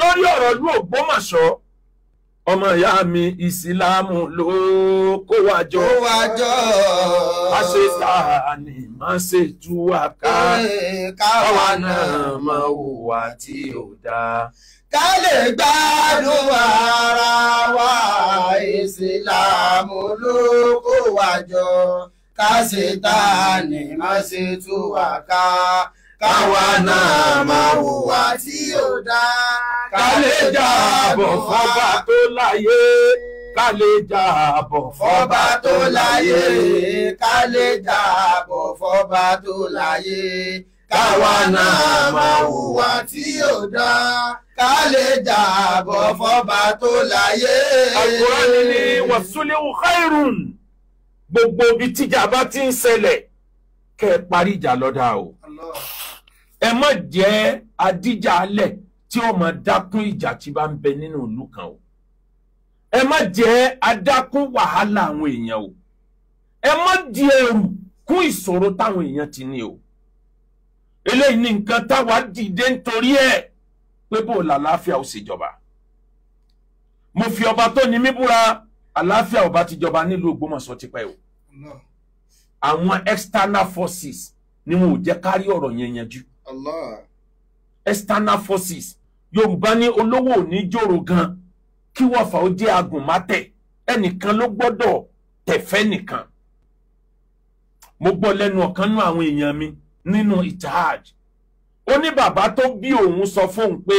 lórí ọ̀rọ̀ ìlú Ògbómọ̀ṣọ́ ọmọ ìyá mi ìsìláàmù ló kó wa jọ kó wa jọ a ṣe sáà ni má ṣe tú wa ká káwa náà máa hùwà tí ò dáa ká lè gbádùn ara wa ìsìláàmù ló kó wa jọ ká ṣe tá a má ṣe tú wa ká káwa náà máa hùwà tí ò dáa ká lè jàbọ̀ fọ́ba tó láyé ká lè jàbọ̀ fọ́ba tó láyé ká lè jàbọ̀ fọ́ba tó láyé káwa náà máa hùwà tí ò dáa ká jàbọ̀ fọ́ba tó láyé. àkùránì ni wàsúlẹ̀wò khairun gbogbo ibi tíjà bá ti ń ṣẹlẹ̀ kẹ́ parí ìjà lọ́dà o ẹ má jẹ́ adíjà alẹ̀. ti o ma dákún ija ti ba ń bẹ nínú ìlú kan o e ma je adákún wahala awon eyan o e ma di ẹrù kún ìṣòro táwọn eyan ti ni o eléyìí ni nǹkan táwa dìde nítorí ẹ̀ pé bó làlàáfíà ó joba mo fi oba to ní mí búra àlàáfíà ọba ti jọba nílùú Ògbómọ̀ṣọ́ tipẹ́ o àwọn external forces ni wọn ò jẹ́ kárí ọ̀rọ̀ yẹn yanjú external forces yorùbá ní olówó òní jòrò gan kí wọ́n fà ó jẹ́ agùnmátẹ̀ ẹnìkan ló gbọ́dọ̀ tẹ̀fẹ́ nìkan mo gbọ́ lẹ́nu ọ̀kan nú àwọn èèyàn mi nínú itahaj ó ní bàbá tó bí òun sọ fóun pé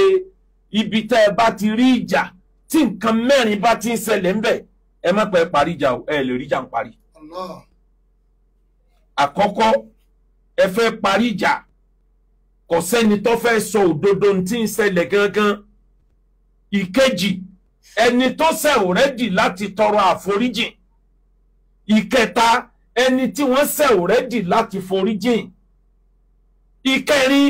ibi tẹ́ ẹ bá ti rí ìjà tí nǹkan mẹ́rin bá ti ń ṣẹlẹ̀ ń ẹ má pẹ́ parí ìjà ẹ lè rí ìjà ń parí. àkọ́kọ́ ẹ fẹ́ parí ìjà kò sẹ́ni tó fẹ́ sọ òdodo tí ń ṣẹlẹ̀ gangan ìkejì ẹni tó ṣẹ̀ òrẹ́dì láti tọrọ àforíjìn ìkẹta ẹni tí wọ́n ṣẹ̀ òrẹ́dì láti foríjìn ìkẹrin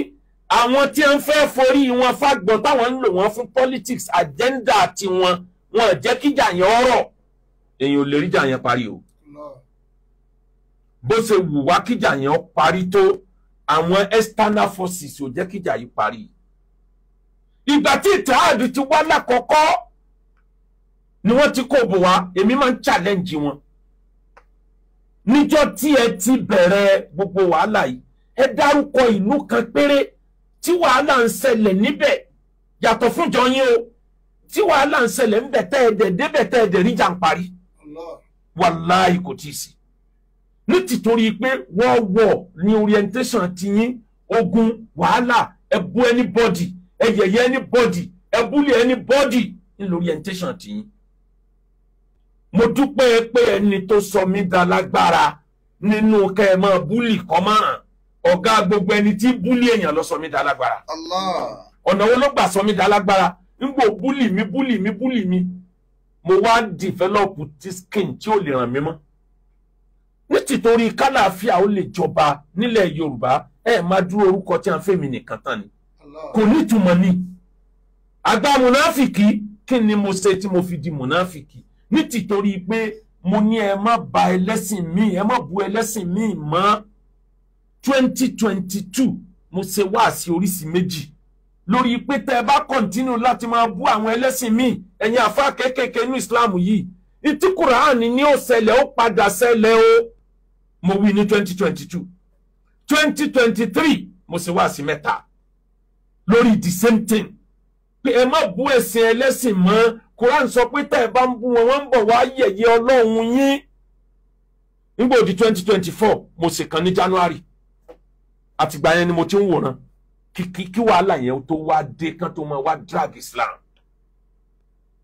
àwọn tí ń fẹ́ forí wọn fágbọ́n táwọn ń lò wọ́n fún politics agenda tiwọn wọn jẹ́ kíjà yẹn ọ̀rọ̀ èyàn ò lè ríjà yẹn parí o bó ṣe wù wá kíjà yẹn parí tó àwọn external forces ò jẹ́ kíjà yìí parí ìgbà tí ìtààdì ti wá lákọ̀ọ́kọ́ ni wọ́n ti kó bò wá èmi máa ń challenge wọn níjọ́ tí ẹ ti bẹ̀rẹ̀ gbogbo wàhálà yìí ẹ dárúkọ ìlú kan péré tí wàhálà ń ṣẹlẹ̀ níbẹ̀ yàtọ̀ fúnjọ yín o tí wàhálà ń ṣẹlẹ̀ ń bẹ̀ tẹ́ ẹ dẹ̀ débẹ̀ tẹ́ ẹ dẹ̀ níjà ń parí wàláì kò tí ì sí nítìtorí pé wọ́n wọ̀ ní orientation tiyín ogun wàhálà ẹ̀bú anybody ẹ̀yẹ̀yẹ̀ anybody ẹ̀búlì anybody ní orientation tiyín. mo dúpẹ́ pé ẹni tó sọ mí da lágbára nínú kẹ́ ẹ máa búlì kọ́mọ́ràn ọ̀gá gbogbo ẹni tí búlì èèyàn lọ sọ mí da lágbára. ọ̀nà wo ló gbà sọ mí da lágbára nígbò búlì mi búlì mi búlì mi mo wá dìfẹ́lọ́pù tí skin tí ò lè ràn mí mọ́ títorí kálàáfíà ó lè jọba nílẹ̀ yorùbá ẹ máa dúró orúkọ tí a ń fèmí nìkan tán ni kò nítumọ̀ ni àgbà mùnáfìkì kí ni mo ṣe tí mo fi di mùnáfìkì ní títorí pé mo ní ẹ má ba ẹlẹ́sìn míì ẹ má bu ẹlẹ́sìn míì mọ́ twenty twenty two mo ṣe wáàsí oríṣi méjì lórí pé tẹ́ ẹ bá kọ̀ntínú láti máa bú àwọn ẹlẹ́sìn míì ẹ̀yin àfa kéékèèké inú islam yìí ìtí kùránì ní ó ó padà ṣẹlẹ̀ o mo wí ní twenty twenty two twenty twenty three mo se wá sí mẹ́ta lórí the same thing pé ẹ má bú ẹ̀sìn ẹlẹ́sìn mọ́ Quran sọ pé tẹ́ ẹ bá ń bú wọn wọ́n ń bọ̀ wá yẹ̀yẹ́ ọlọ́run yín nígbà òdi twenty twenty four mo sì kàn ní January àtìgbà yẹn ni mo ti ń wòran kí wàhálà yẹn tó wá dé kán tó máa wá drag Islam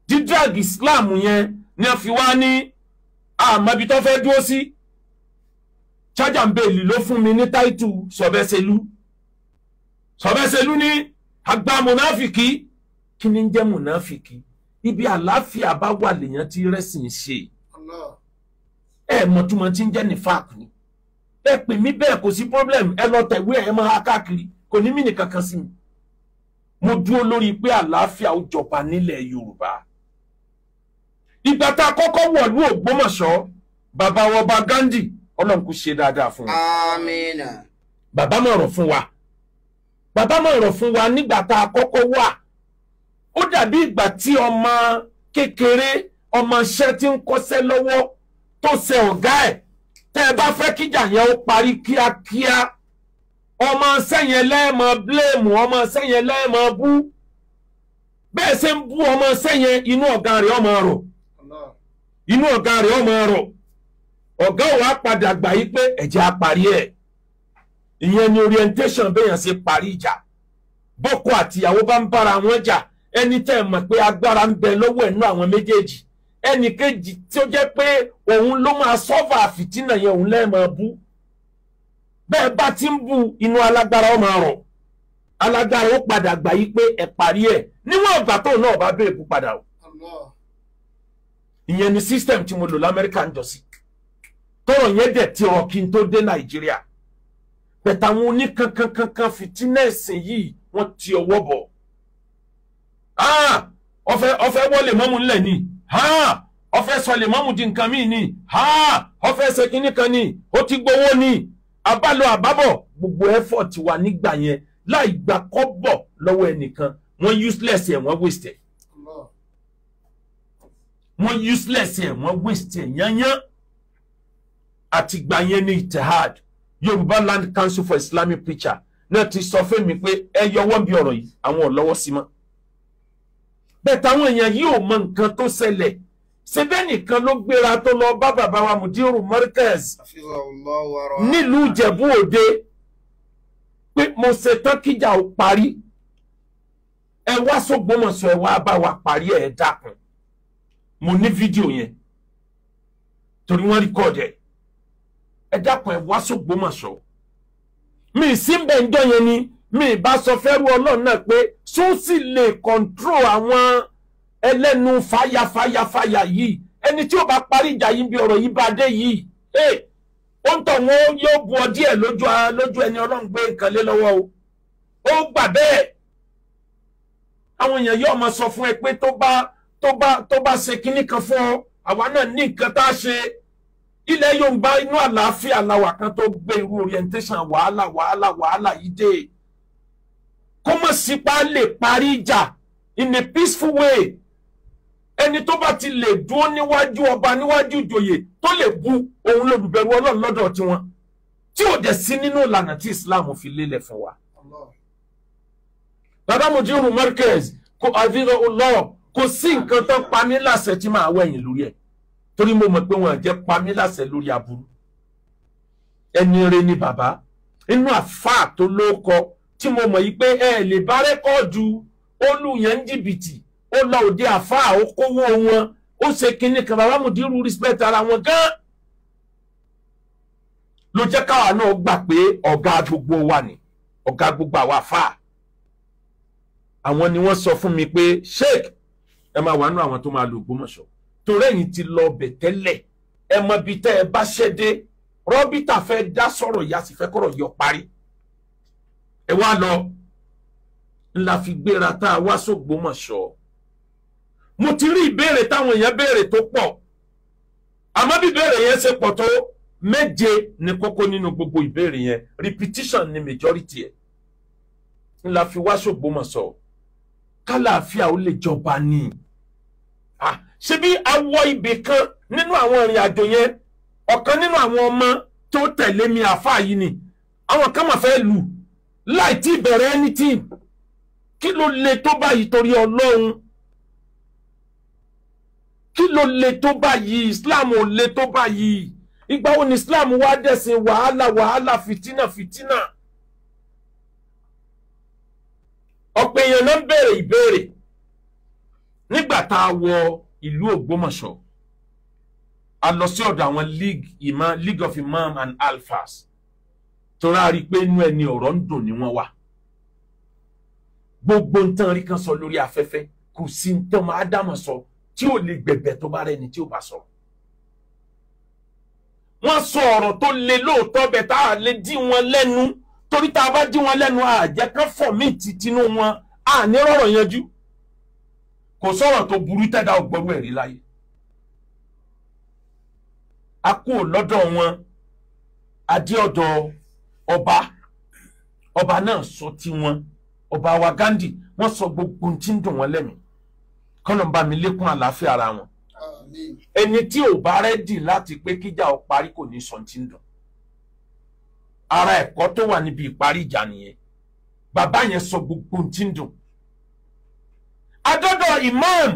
Di drag Islam yẹn ni a fi wá ní àmọ́bi ah, tó fẹ́ dúró sí. Si charger bẹ́ẹ̀lì ló fún mi ní táìtù sọ̀bẹ́sẹ̀lú sọ̀bẹ́sẹ̀lú ni àgbà mùnáfìkì kí ni ń jẹ́ mùnáfìkì ibi àlàáfíà bá wà lèèyàn ti rẹ́sìn ṣe ẹ mọ̀túmọ̀ tí ń jẹ́ ní fáàkì ni ẹ pè mí bẹ́ẹ̀ kò sí problem ẹ lọ tẹ̀wé ẹ máa káàkiri kò ní mí nìkan kan sí mi mo dúró lórí pé àlàáfíà ó jọba nílẹ̀ Yorùbá ìgbà tá a kọ́kọ́ wọ̀lú Ògbómọ̀ṣọ́ bàbá wọba Gandhi ọlọ́run kò ṣe dáadáa fún wa. bàbá mọ̀ ọ̀rọ̀ fún wa bàbá mọ̀ ọ̀rọ̀ fún wa nígbà tá a kọ́kọ́ wà ó dàbí ìgbà tí ọmọ kékeré ọmọ iṣẹ́ tí ń kọ́ṣẹ́ lọ́wọ́ tó ṣe ọ̀gá ẹ̀ tẹ́ ẹ bá fẹ́ kíjà yẹn ó parí kíákíá ọmọ iṣẹ́ yẹn lẹ́ẹ̀mọ bíléèmù ọmọ iṣẹ́ yẹn lẹ́ẹ̀mọ bú bẹ́ẹ̀ ṣe ń bú ọmọ iṣẹ́ yẹn inú ọ̀gá rẹ̀ ọmọ rọ̀ inú ọ̀gá rẹ̀ ọmọ rọ̀ ọ̀gá òun á padà pé ẹ̀jẹ̀ á ẹ̀ ìyẹn ni orientation bẹ́yàn ṣe parí ìjà bọ́kọ àtìyàwó bá ń bára wọn jà ẹni tẹ́ ẹ̀ mọ̀ pé agbára ń bẹ lọ́wọ́ ẹ̀nú àwọn méjèèjì ẹnì kejì tí ó jẹ́ pé òun ló máa sọ́fà àfìtínà yẹn òun lẹ́ẹ̀ máa bú bẹ́ẹ̀ bá ti ń bu inú alágbára ó rọ̀ alágbára ó padà gbà yí pé ẹ̀ parí ẹ̀ níwọ̀n ìgbà tóun náà bá béèrè kú padà o ìyẹn ni system tí mo lò lamẹ́ríkà ń jọ sí tọ̀rọ̀ yẹn dẹ̀ ti rọ kí n tó dé nàìjíríà bẹ̀tà àwọn oníkankankankan fìtínẹ́ẹ̀sì yìí wọ́n ti ọwọ́ bọ̀ ọfẹ ọfẹ wọlé mọ́mú ńlẹ̀ ni ọfẹ sọlẹ̀ mọ́mú di nǹkan míì ni ọfẹ ṣe kínní kan ni ó ti gbowó ni abálọ àbábọ̀ gbogbo effort wa nígbà yẹn láì gbà kọ́bọ̀ lọ́wọ́ ẹnìkan wọ́n useless ẹ̀ wọ́n waste ẹ̀ wọ́n useless ẹ̀ wọ́n waste ẹ̀ yányán àtìgbà yẹn ní itihad yorùbá land council for islamic preacher náà ti sọ fún mi pé ẹ yọwọ́ bí ọ̀rọ̀ yìí àwọn ò lọ́wọ́ sí mọ́ bẹ́ẹ̀ táwọn èèyàn yìí ò mọ nǹkan tó ṣẹlẹ̀ ṣebẹ́ nìkan ló gbéra tó lọ bá bàbá wa mudiru markaz nílùú ìjẹ̀bú òde pé mo ṣetán kíjà ò parí ẹ wá sógbómọ̀ṣọ́ ẹ wá bá wa parí ẹ̀ dákun mo ní fídíò yẹn torí wọ́n rí kọ́ọ̀dù ẹ dákun ẹ wá s'Ògbómọ̀ṣọ́ mi sí ń bẹ̀ ń jọ ni mi bá sọ fẹ́rù ọlọ́run náà pé sún sì lè kọ̀ǹtró àwọn ẹlẹ́nu fàyàfàyàfàyà yìí ẹni tí ó bá parí ìjà yìí bí ọ̀rọ̀ yìí bá dé yìí ó ń tọ̀ wọ́n yóò bu ọ díẹ̀ lójú ẹni ọlọ́run gbé nǹkan lé lọ́wọ́ o ó gbà bẹ́ẹ̀ àwọn èèyàn yóò máa sọ fún ẹ pé tó bá tó bá tó bá ṣe kinní kan fún ọ àwa náà ní nǹkan tá a ṣe ilẹ̀ yorùbá inú àlàáfíà làwà kan tó gbé irú orientation wàhálà wàhálà wàhálà yìí dé kó mọ̀ sípa lè parí ìjà in a peaceful way ẹni tó bá ti lè dúró níwájú ọba níwájú ìjòyè tó lè bu òun lòlùbẹ̀rù ọlọ́run lọ́dọ̀ tiwọn tí ò dẹ̀ sí nínú ìlànà tí islam fi lélẹ̀ fún wa. bàbá Mujibu Markaz kò àfihàn ọlọ́ọ̀ kò sí nǹkan tó pa mí láṣẹ tí màá wẹ̀yìn lórí ẹ̀ torí mo mọ̀ pé wọn àjẹ́ pa mí láṣẹ lórí aburú ẹni rẹ ni bàbá inú àfà tó ló kọ tí mo mọ̀ yìí pé ẹ lè bá rẹ́kọ́ọ̀dù ó lù yẹn ń jìbìtì ó lọ òde àfà ó kówó wọn ó ṣe kinní kan bàbá mùdírù respect ara wọn gan ló jẹ́ káwa náà gbà pé ọ̀gá gbogbo wa ni ọ̀gá gbogbo àwa àfà àwọn ni wọ́n sọ fún mi pé sheik ẹ máa wà nínú àwọn tó máa lo Ògbómọ̀ṣọ́ torí ẹ̀yin ti lọ ọbẹ̀ tẹ́lẹ̀ ẹ mọ ibi tẹ́ ẹ bá ṣẹ́ dé rọ́bítà fẹ́ dá sọ̀rọ̀ yá sì fẹ́ kọ̀rọ̀ yọ parí ẹ wá lọ la fi gbéra tá a wá s'Ògbómọ̀ṣọ́ mo ti rí ìbéèrè táwọn èèyàn béèrè tó pọ̀ àmọ́ bí ìbéèrè yẹn ṣe pọ̀ tó méje ni kókó nínú gbogbo ìbéèrè yẹn repetition ni majority ẹ̀ la fi wá s'Ògbómọ̀ṣọ́ kálàáfíà ó lè jọba ni. Ah ṣebí awọ ibì kan nínú àwọn ìrìn àjò yẹn ọ̀kan nínú àwọn ọmọ tó tẹ̀lé mi àfa yìí ni àwọn kan mà fẹ́ lù láì tí bẹ̀rẹ̀ anything kí ló le tó báyìí torí ọlọ́run kí ló le tó báyìí islam ò le tó báyìí ìgbà wo ni islam wá dẹ̀sìn wàhálà wàhálà fìtínà fìtínà ọ̀pẹ̀ èèyàn náà ń ìbéèrè nígbà tá a wọ ìlú Ògbómọ̀ṣọ́ a lọ sí ọ̀dọ̀ àwọn league imam league of imam and alphas torí a rí i pé inú ẹni ọ̀rọ̀ ń dùn ni wọ́n wà gbogbo nǹkan rí kan sọ lórí afẹ́fẹ́ kò sí nǹkan máa dámọ̀ sọ tí ò lè gbẹ̀gbẹ̀ tó bá rẹni tí ò bá sọ. wọ́n sọ ọ̀rọ̀ tó le lóòótọ́ bẹ̀ tá a lè dí wọn lẹ́nu torí tá a bá dí wọn lẹ́nu àjẹkán fọ̀ mí ti wọn àní rọ̀rọ̀ yanjú kò sọ̀rọ̀ tó burú tẹ́dá ọgbọ́rú ẹ̀rí láyé a kú lọ́dọ̀ wọn adé ọ̀dọ̀ ọba ọba náà sọ tiwọn ọba wa Gandhi wọ́n sọ gbogbo tí ń dùn wọ́n lẹ́mìí kọ́nà bá mi lékún àlàáfíà ara wọn ẹni tí ò bá rẹ́dì láti pé kíjà ó parí kò ní sọ tí ń dùn ara ẹ̀kọ́ tó wà níbi ìparí ìjà nìyẹn bàbá yẹn sọ gbogbo tí ń dùn imam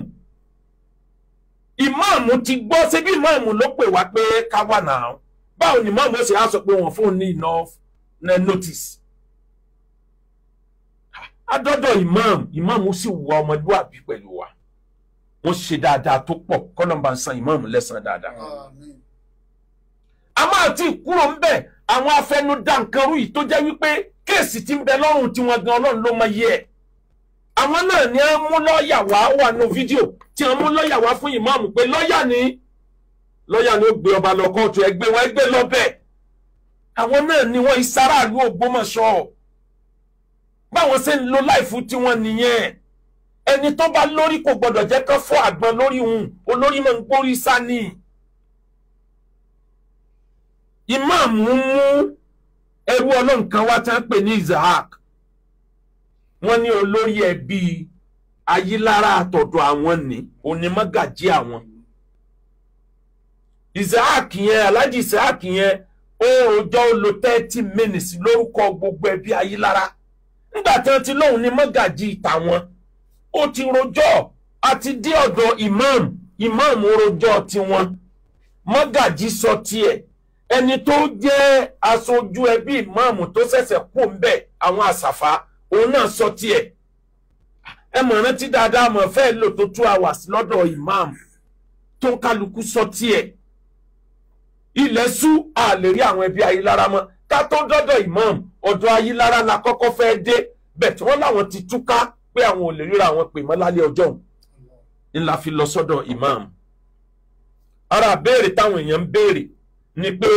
imam ti gbọ́ ṣe bí imam ló pè wá pé ká wà náà báwo ni imam ṣe á sọ pé wọ́n fún un ní enough notice adọ́dọ̀ imam imam sì wà ọmọlúwàbí pẹ̀lú wa wọ́n ṣe dáadáa tó pọ̀ kọ́nọ̀mbà ń san imam lẹ́sàn dáadáa a máa ti kúrò ń bẹ̀ àwọn afẹnudá nǹkan rú yìí tó jẹ́ wípé kéèsì ti ń bẹ lọ́rùn tiwọn gan ọlọ́run ló mọ yẹ àwọn náà ni wọ́n mú lọ́ọ̀yà wá wà nù fídíò tí wọ́n mú lọ́ọ̀yà wá fún ìmáàmù pé lọ́ọ̀yà ni lọ́ọ̀yà ni ó gbé ọba lọ kóòtù ẹgbẹ́ wọn ẹgbẹ́ lọ́bẹ̀ àwọn náà ni wọ́n ìsaráàlú Ògbómọ̀ṣọ́ báwọn ṣe ń lo láìfù tiwọn nìyẹn ẹni tó bá lórí kò gbọdọ̀ jẹ́ kán fọ́ àgbọn lórí òun olórí máa ń gbórí sani ìmáàmù mú ẹrú ọlọ́nkan wá tán pè ní Isaac wọn ní olórí ẹbí ayilara àtọ̀dọ̀ àwọn ni onímọ̀gàjí àwọn isaac yẹn alhaji isaac yẹn ó rojọ́ ó lo thirty minutes lórúkọ gbogbo ẹbí ayilara nígbà tí wọ́n ti ita ní o tàwọn ó ti rojọ́ àti dé ọ̀dọ̀ imam imam rojọ́ tiwọn mọ́gàjí sọ tiẹ̀ ẹni tó jẹ́ aṣojú ẹbí imam tó ṣẹ̀ṣẹ̀ kú ń bẹ̀ àwọn àṣàfà òun náà sọ tiẹ̀ ẹ mọ̀ rántí dáadáa mọ̀ fẹ́ lò tó two hours lọ́dọ̀ imam tó kálukú sọ tiẹ̀ ilẹ̀ sú àlè rí àwọn ẹbí Ayílára mọ́ ká tó dọ́dọ̀ imam ọ̀dọ̀ Ayílára la kọ́kọ́ fẹ́ dé bẹ̀tí wọ́n láwọn ti túká pé àwọn ò lè ríra àwọn pè mọ́ lálẹ́ ọjọ́ òun ńlá fi lọ sọ́dọ̀ imam ara béèrè táwọn èèyàn ń béèrè ni pé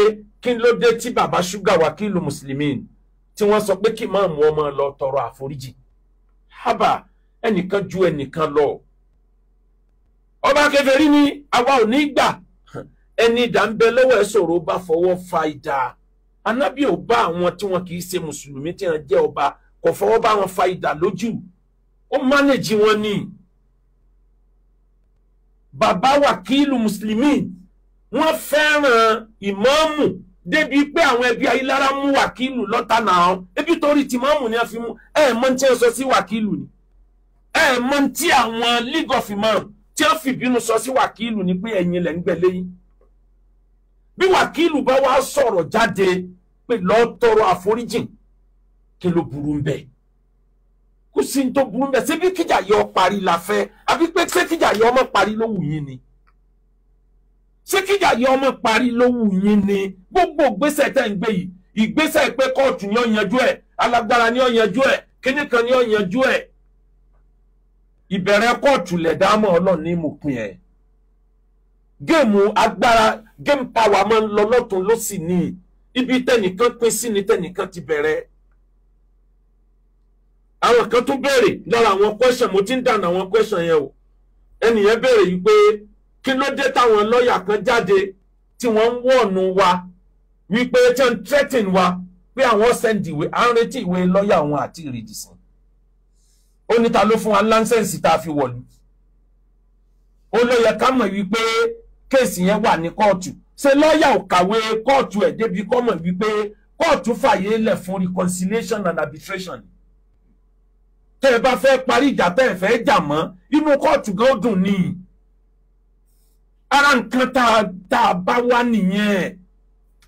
kí ló dé tí bàbá ṣúgà wà kí ìlú mùsùlùmí ni tí wọ́n sọ pé kí máàmù ọmọ lọ tọrọ àforíjì hábà ẹnìkan ju ẹnìkan lọ ọba kèfèrí ni àwa ò ní gbà ẹni ìdá ń bẹ lọ́wọ́ ẹ sọ̀rọ̀ bá fọwọ́ fa ìdá anábì ò bá àwọn tí wọn kì í ṣe mùsùlùmí tí wọn jẹ́ ọba kò fọwọ́ bá wọn fa ìdá lójú ó mánéjì wọn ni bàbá wàkílù mùsùlùmí wọn fẹ́ràn ìmáàmù débi pé àwọn ẹbí ayélujára mú wákìlù lọ́tà náà ebi torí tìmọ́ọ̀mù ni a fi mú ẹ ẹ mọ́ ní tí wọ́n sọ sí wákìlù ni ẹ ẹ mọ́ ní tí àwọn league of imam tí wọ́n fìbínú sọ sí wákìlù ni pé ẹ̀yin lẹ̀ ń gbẹ̀lẹ́ yìí bí wákìlù bá wá sọ̀rọ̀ jáde pé lọ́ọ́ tọrọ àforíjìn kí ló burú ń bẹ́ẹ̀ kò sí ní tó burú bẹ́ẹ̀ ṣé bí kíjà yọ parí la fẹ́ àbí pé ṣé kíjà yọ ọmọ parí ló wù ni ṣé kíjà yọ ọmọ parí lówù yín ni gbogbo ìgbésẹ̀ tẹ́ ń gbé yìí ìgbésẹ̀ pé kóòtù ni ó yanjú ẹ̀ alágbára ni ó yanjú ẹ̀ kíní kan ni ó yanjú ẹ̀ ìbẹ̀rẹ̀ kóòtù lẹ̀dámọ̀ ọlọ́run ní mòpin ẹ̀ géèmù agbára géèmù pàwà máa ń lọ lọ́tún ló sì ibi tẹnìkan pín sí ni tẹnìkan ti bẹ̀rẹ̀ àwọn kan tún béèrè lára àwọn kwẹ́sàn mo ti ń dànù àwọn kwẹ́sàn yẹn o ẹnìyẹn béèrè yìí pé kí ló dé táwọn lọ́ọ̀yà kan jáde tí wọ́n ń wọ̀nù wa wípé tí wọ́n ń threaten wa pé àwọn sẹ́ndì ìwé à ń retí ìwé lọ́ọ̀yà wọn àti ìrìdìsìn ó ní ta ló fún wa láńsẹ̀nsì tá a fi wọ̀lú ó ló yẹ ká mọ̀ wípé kéèsì yẹn wà ní kóòtù ṣé lọ́ọ̀yà ò kàwé kóòtù ẹ̀ débi kó mọ̀ wípé kóòtù fàyè lẹ̀ fún reconciliation and arbitration tẹ́ ẹ bá fẹ́ parí ìjà tẹ́ ẹ fẹ́ jà mọ́ inú kóòtù gan ó dùn níyì ara nǹkan tá a bá wá nìyẹn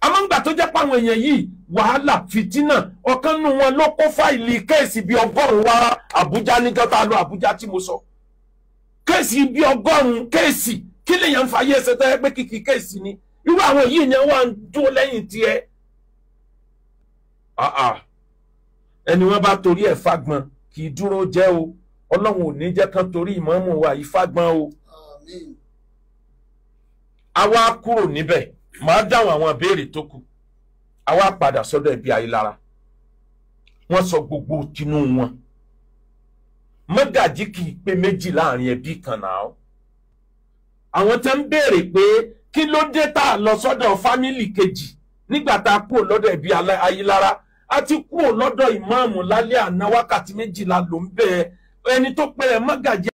amóńgbà tó jẹ́ pàwọn èèyàn yìí wàhálà fìtínà ọ̀kan nù wọn ló kó fáìlì kéèsì bíi ọgọ́rùn-ún wá Àbújá níjọ́ tá a lọ Àbújá tí mo sọ kéèsì bíi ọgọ́rùn-ún kéèsì kí lèèyàn fàyè ẹsẹ̀ tó yẹ pé kìkì kéèsì ni irú àwọn yìí ni wọ́n ń dúró lẹ́yìn tiẹ̀ ẹni wọ́n bá torí ẹ̀ fagbọn kì í dúró jẹ́ o Ọlọ́run ò ní jẹ́ kán torí ìmọ̀ọ́mù wa yìí fagbọn o àwa kúrò níbẹ̀ màá dáhùn àwọn ìbéèrè tó kù àwa padà sọ́dọ̀ ẹbí Ayílára wọ́n sọ gbogbo tinú wọn mọ́gàjí kì í pé méjì láàrin ẹbí kan náà àwọn tẹ́ ń béèrè pé kí ló dé tá a lọ sọ́dọ̀ fámìlì kejì nígbà tá a kúrò lọ́dọ̀ ẹbí Ayílára a ti kúrò lọ́dọ̀ ìmáàmù lálẹ́ àná wákàtí méjìlá ló ń bẹ́ẹ̀ ẹni tó pẹ́ mọ́gàjí